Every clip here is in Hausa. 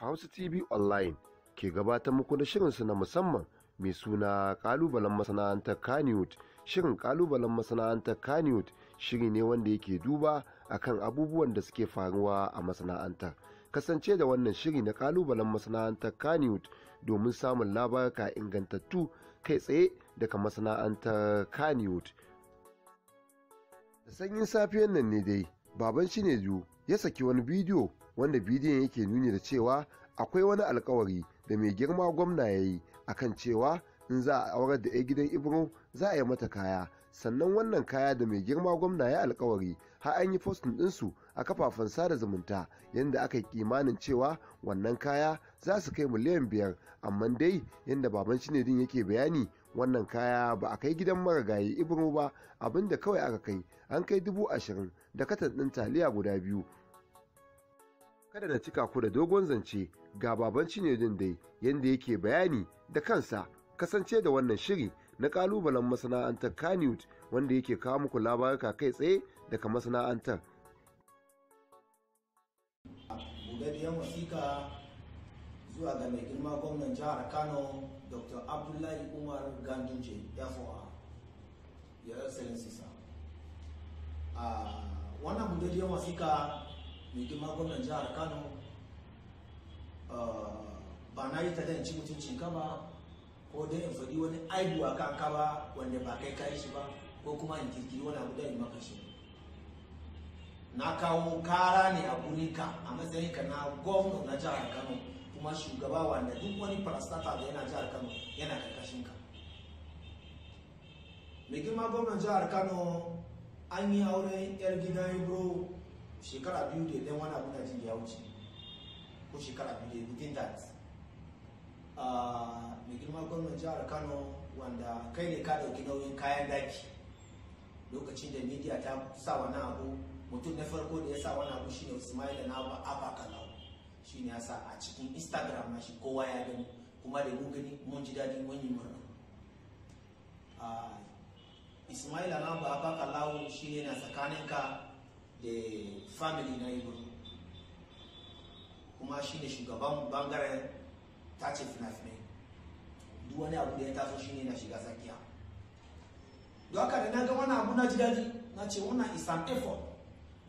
Hausa TV Online ke gabatar muku da shirinsu na musamman mai suna kalubalen masana'antar Kannywood. Shirin kalubalen masana'antar Kannywood shiri ne wanda yake duba a kan abubuwan da suke faruwa a masana'antar. Kasance da wannan shiri na kalubalen masana'antar Kannywood domin samun labarka ingantattu kai tsaye daga masana'antar Kannywood. Da sanyin safiyan nan ne dai, baban shi ne ya saki wani bidiyo wanda bidiyon yake nuni da cewa akwai wani alkawari da mai girma gwamna ya yi kan cewa in za a aurar da 'yan gidan ibro za a yi mata kaya sannan wannan kaya da mai girma gwamna ya alkawari har an yi postin ɗinsu a kafafen sada zumunta yadda aka yi kimanin cewa wannan kaya za su kai miliyan biyar amma dai yadda baban shi ne din yake bayani wannan kaya ba a kai gidan marigayi ibro ba abinda kawai aka kai an kai dubu ashirin da katan ɗin taliya guda biyu kada na cika ku da dogon zance ga baban cinedin dai yadda yake bayani da kansa kasance da wannan shiri na kalubalen masana'antar kanewt wanda yake kawo muku labaruka kai tsaye daga masana'antar buɗaɗɗiyar wasiƙa zuwa ga mai girma gwamnan jihar kano dr abdullahi umar ganduje yafowa ya sisa a ah, wannan buɗaɗɗiyar wasiƙa mai girma gwamnan jihar kano ba na yi ta da ci mutuncin ka ba ko dai in faɗi wani aibu a kan ka ba wanda ba kai kayi shi ba ko kuma in kirkiri wani abu da maka shi na kawo kara ne a gurinka a matsayin ka na gwamnan na jihar kano kuma shugaba wanda duk wani farastata da yana jihar kano yana karkashin ka mai girma gwamnan jihar kano an yi auren yar gidan ibro shekara biyu da dan wani abu na jin ya wuce ko shekara biyu da within that ah, mai girma gwamnan jihar kano wanda kai ne ka dauki nauyin kayan daki lokacin da media ta sa wani abu mutum na farko da ya sa wani abu shine Ismail na Abba Kalau shine ya sa a cikin Instagram na shi kowa ya gani kuma da mun gani mun ji daɗi mun yi murna ah, Ismail na Abba Kalau shi yana tsakanin ka da family na yi kuma shi ne shugaban bangaren ta fina-finai duk wani abu da ya taso shi ne na shiga tsakiya don da na ga wani abu na ji daji na ce wani isan an effort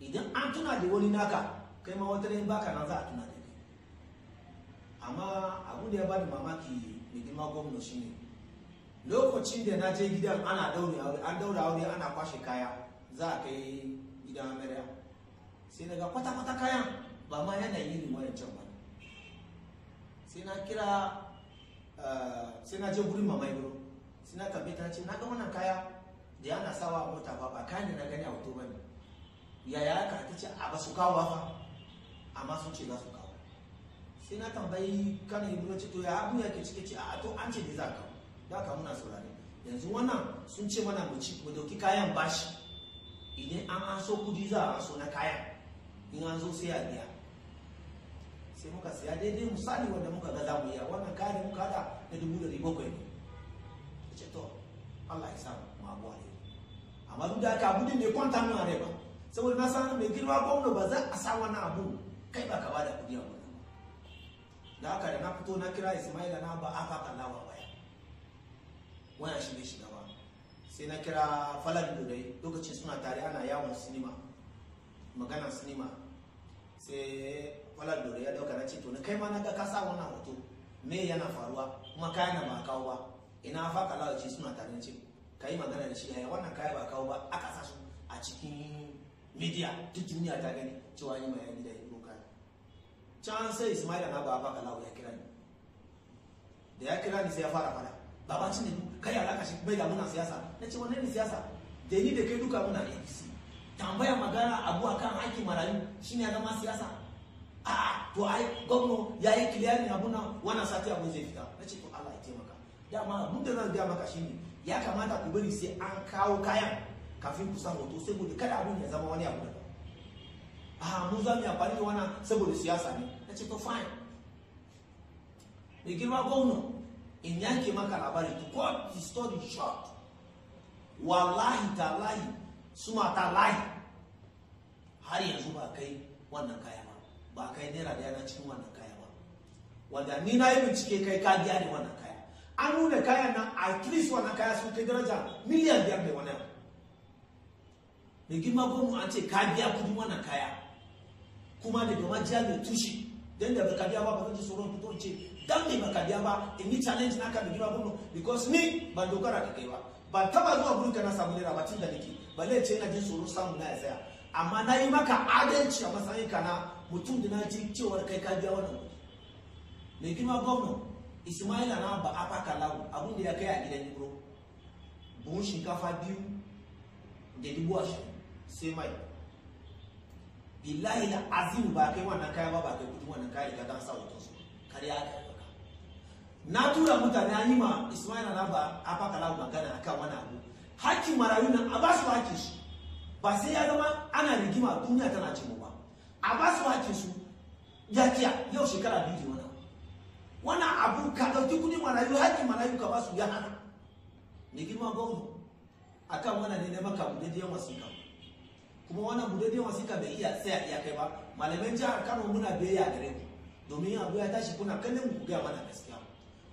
idan an tuna da wani naka kai ma wata rai baka na za a tuna da amma abu da ya ba da mamaki mai girma gwamna shi ne lokacin da na je gidan ana daure aure an daure aure ana kwashe kaya za a kai gidan sai daga kwata-kwata kayan ba ma yana wani can ba sai na kira eh, sai na je gurin mamai biro sai na tambaye ta ce na ga wannan kaya da yana sawa a mota ba ba kayan da na gani a hoto bane ya yaya ka ta ce a ba su kawo ba fa amma sun ce za su kawo sai na tambayi kana yi ce to ya abu ya ke cike ce a to an ce da za ka da ka muna saurare yanzu wannan sun ce mana mu ci mu dauki kayan bashi idan an an so kudi za a so na kaya in an zo sai a biya sai muka siya daidai misali wanda muka ga zamu mu iya wannan kayan muka da na dubu da riba ne ce to Allah ya samu abuwa ne amma duk da aka abudin ne kwanta nuna rai ba saboda na san mai girma gwamna ba za a sa wani abu kai ba ka bada kudi a da aka da na fito na kira Ismaila na ba aka kallawa baya wannan shi ne shiga ba sai na kira falal lurai lokacin suna tare ana yawon sinima magana sinima sai falal lurai ya dauka na ce to na kai ma na ga kasa wannan hoto me yana faruwa kuma kayan ba kawo ba ina fa kalawa ce suna tare ce kai magana da shi yaya wannan kaya ba kawo ba aka sa su a cikin media duk duniya ta gani cewa yi mai yanni da yi kai. can sai ismaila na baba kalawa ya kira ni da ya kira ni sai ya fara fara baban shi ne kai alaka shi bai ga muna siyasa na ce wannan siyasa da ni da kai duka muna apc tambaya magana abu akan haƙƙin marayu shine ya zama siyasa a to ai gwamno ya yi kiliyarin abu na wannan sati abu zai fita na ce to allah ya taimaka dama abun da zan gaya maka shine ya kamata ku bari sai an kawo kayan kafin ku sa hoto saboda kada abu ya zama wani abu daban a mun za mu yi amfani da wannan saboda siyasa ne na ce to fine mai girma gwamna in yanke maka labari to cut the story short wallahi talahi su mata lahi har yanzu ba kai wannan kaya ba ba kai naira da yana cikin wannan kaya ba wanda ni na yi bincike kai ka biya ne wannan kaya an nuna kaya na at least wannan kaya sun kai daraja miliyan biyar da wani mai girma mu an ce ka biya kudin wannan kaya kuma daga majiya mai tushe don da ka biya ba ba zan ji tsoron fito ce dan bai ini challenge naka da girma because ni ban dogara da kai ba ba taba zuwa gurin ka na samu niki bale chena da nake samu na ya tsaya amma na yi maka adalci a matsayin ka na mutum da na ji cewar kai ka biya wannan kuɗi mai girma gwamna ismaila na ba a baka lawo abin da ya kai a gidan ibro buhun shinkafa biyu da dubu ashirin sai mai billahi da azim ba kai wannan kaya ba ba kai kudin wannan kaya ka dan sa su kariya ka na tura mutane an yi ma ismaila na ba a fakala magana kan wani abu hakkin marayu nan a ba su hakkin ba sai ya zama ana rigima duniya tana ce ba a ba su hakkin su ya kiya yau shekara biyu da wani abu ka dauki kudi marayu hakkin marayu ka ba su ya hana ba girma a kan wani ne na maka yawan sika kuma wannan yawan sika bai iya a iya kai ba malaman jihar kano muna biyayya gare ku domin abu ya tashi kuna kallon ku gaya mana gaskiya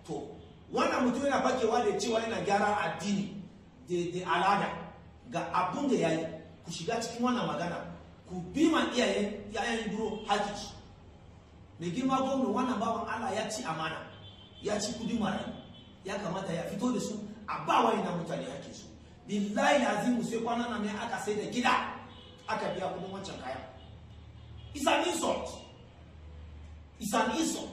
to wannan mutum yana fakewa da cewa yana gyara addini da al'ada ga abun da ya ku shiga cikin wannan magana ku bi ma yayan duro hakiki mai girma gwamna wannan bawan allah ya ci amana ya ci kudi ya kamata ya fito da su a ba wa yana mutane hakki su billahi azimu sai kwanan nan aka sai da gida aka biya kudin wancan kaya it's an insult an insult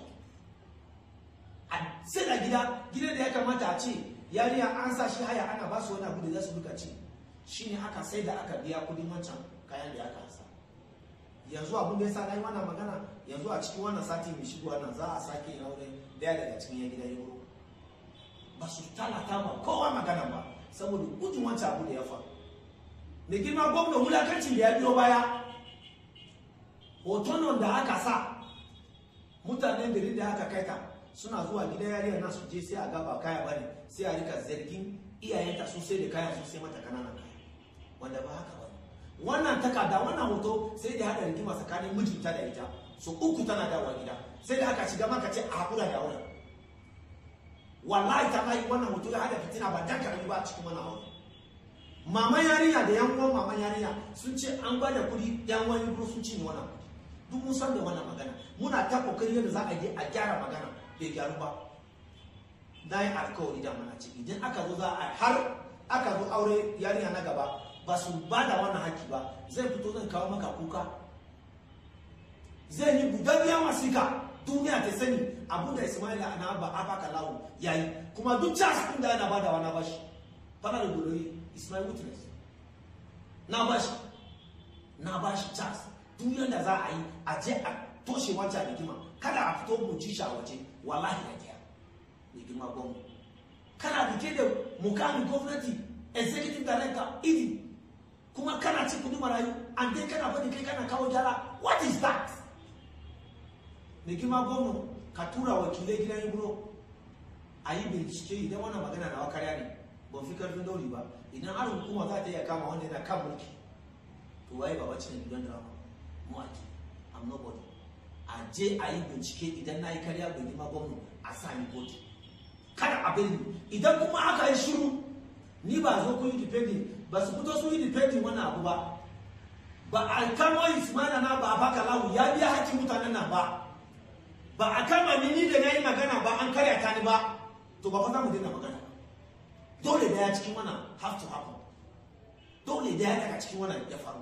a sai da gida gida da ya kamata a ce yariya an sa shi haya ana ba su wani abu da za su duka ce ne aka sai da aka biya kudin wancan kayan da aka hasa? yanzu abin da ya sa nayi wannan magana yanzu a cikin wannan sati mai shigo nan za a sake aure daya daga cikin ya gida yoro ba su talata ma kowa magana ba saboda kudin wancan abu da ya fa. da girma gwamna wulakancin da ya biyo baya hoton da aka sa mutanen garin da aka kaita suna zuwa gida yariyar na su je sai a gaba kaya bane sai a rika zargin iyayenta sun sai da kaya sun sai mata kananan kaya wanda ba haka ba wannan takarda wannan hoto sai da hada rigima tsakanin mijinta da ita su uku tana dawowa gida sai da aka shiga maka ce a hakura da wurin wallahi ta kai wannan hoto ya hada fitina ba dan karami ba cikin wannan aure mama yarinya da yan uwan mama yarinya sun ce an gwada kuɗi yan wani sun cinye wannan duk mun san da wannan magana muna ta kokari yadda za a je a gyara magana bai gyaru ba na yi alkawari da mana ce idan aka zo za a har aka zo aure yarinya na gaba ba su ba da wannan haƙƙi ba zai fito zan kawo maka kuka zai yi budariya wasika duniya ta sani abin da ismaila na ba abaka lawo yayi kuma duk cas din da yana badawa na bashi fana da gulori ismail witness na bashi na bashi cas duniyar da za a yi a je a toshe wancan rigima kada a fito bunci shi a waje wallahi ya kiya rigima gwamnu kana rike da mukamin gwamnati executive director iri e kuma kana cin kudi marayu and then kana bani kai kana kawo gyara what is that rigima gwamnu ka tura wakilai gidan ibro a yi bincike idan wannan magana na wakarya ne ba fi karfin dauri ba idan har hukuma za ta iya kama wanda yana kan mulki to waye baba cikin gidan drama je a yi bincike idan na yi karya bai ma gwamna a sami ni kotu kada abin ni idan kuma aka yi shiru ni ba zo kun yi defending ba su fito sun yi defending wani abu ba ba a kama mana na ba a baka lawu ya biya hakkin mutanen nan ba ba a kama ni ni da na yi magana ba an karya ta ni ba to ba fa mu daina magana dole da ya cikin wannan have to happen dole da ya daga cikin wannan ya faru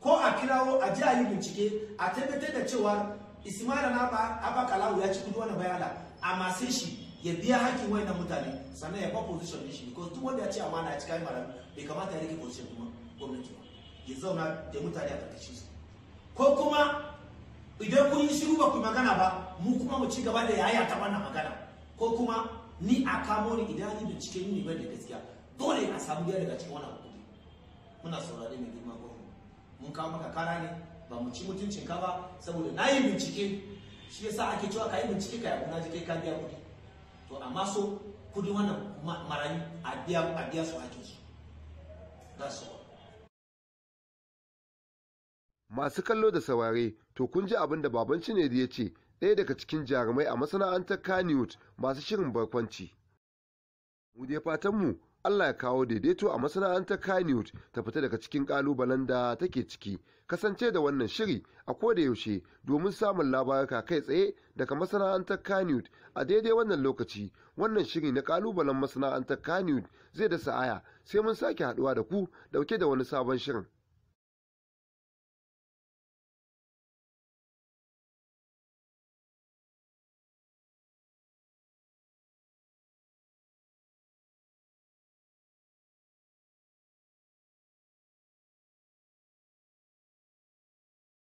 ko a kirawo a ji a yi bincike a tabbatar da cewa ismaila na ba kalawu ya ci kudu wani bayala a shi ya biya hakkin na mutane sannan ya ba position din shi because duk wanda ya ce amana ya ci kayan mara bai kamata ya rike position kuma gwamnati ba ya zauna da mutane a karkashin su ko kuma idan kun yi shiru ba ku magana ba mu kuma mu ci gaba da yaya ta wannan magana ko kuma ni a kamo ni idan ni bincike ni ban gaskiya dole a samu daya daga cikin wannan hukumi muna saurare mai girma gwamnati mun kawo maka kara ne ba mu ci mutuncin ka ba saboda na yi bincike shi yasa ake cewa ka yi bincike ka yaku na jike ka biya kuɗi to amma so kudi wannan marayu a biya su su that's all masu kallo da saurare to kun ji abin da baban da ya ce ɗaya daga cikin jarumai a masana'antar kaniwut masu shirin barkwanci. Mu dai fatanmu Allah ya kawo daidaito a masana'antar Kainiyot ta fita daga cikin kalubalen da take ciki. Kasance da wannan shiri a koda yaushe domin samun labaruka kai tsaye daga masana'antar Kainiyot a daidai wannan lokaci. Wannan shiri na kalubalen masana'antar Kainiyot zai da sa'aya sai mun sake haduwa da ku dauke da wani sabon shirin.